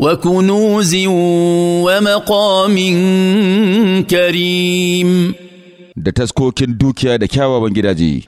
Wa وكنوز makomin Karim. da taskokin dukiya da kyawawan gidaje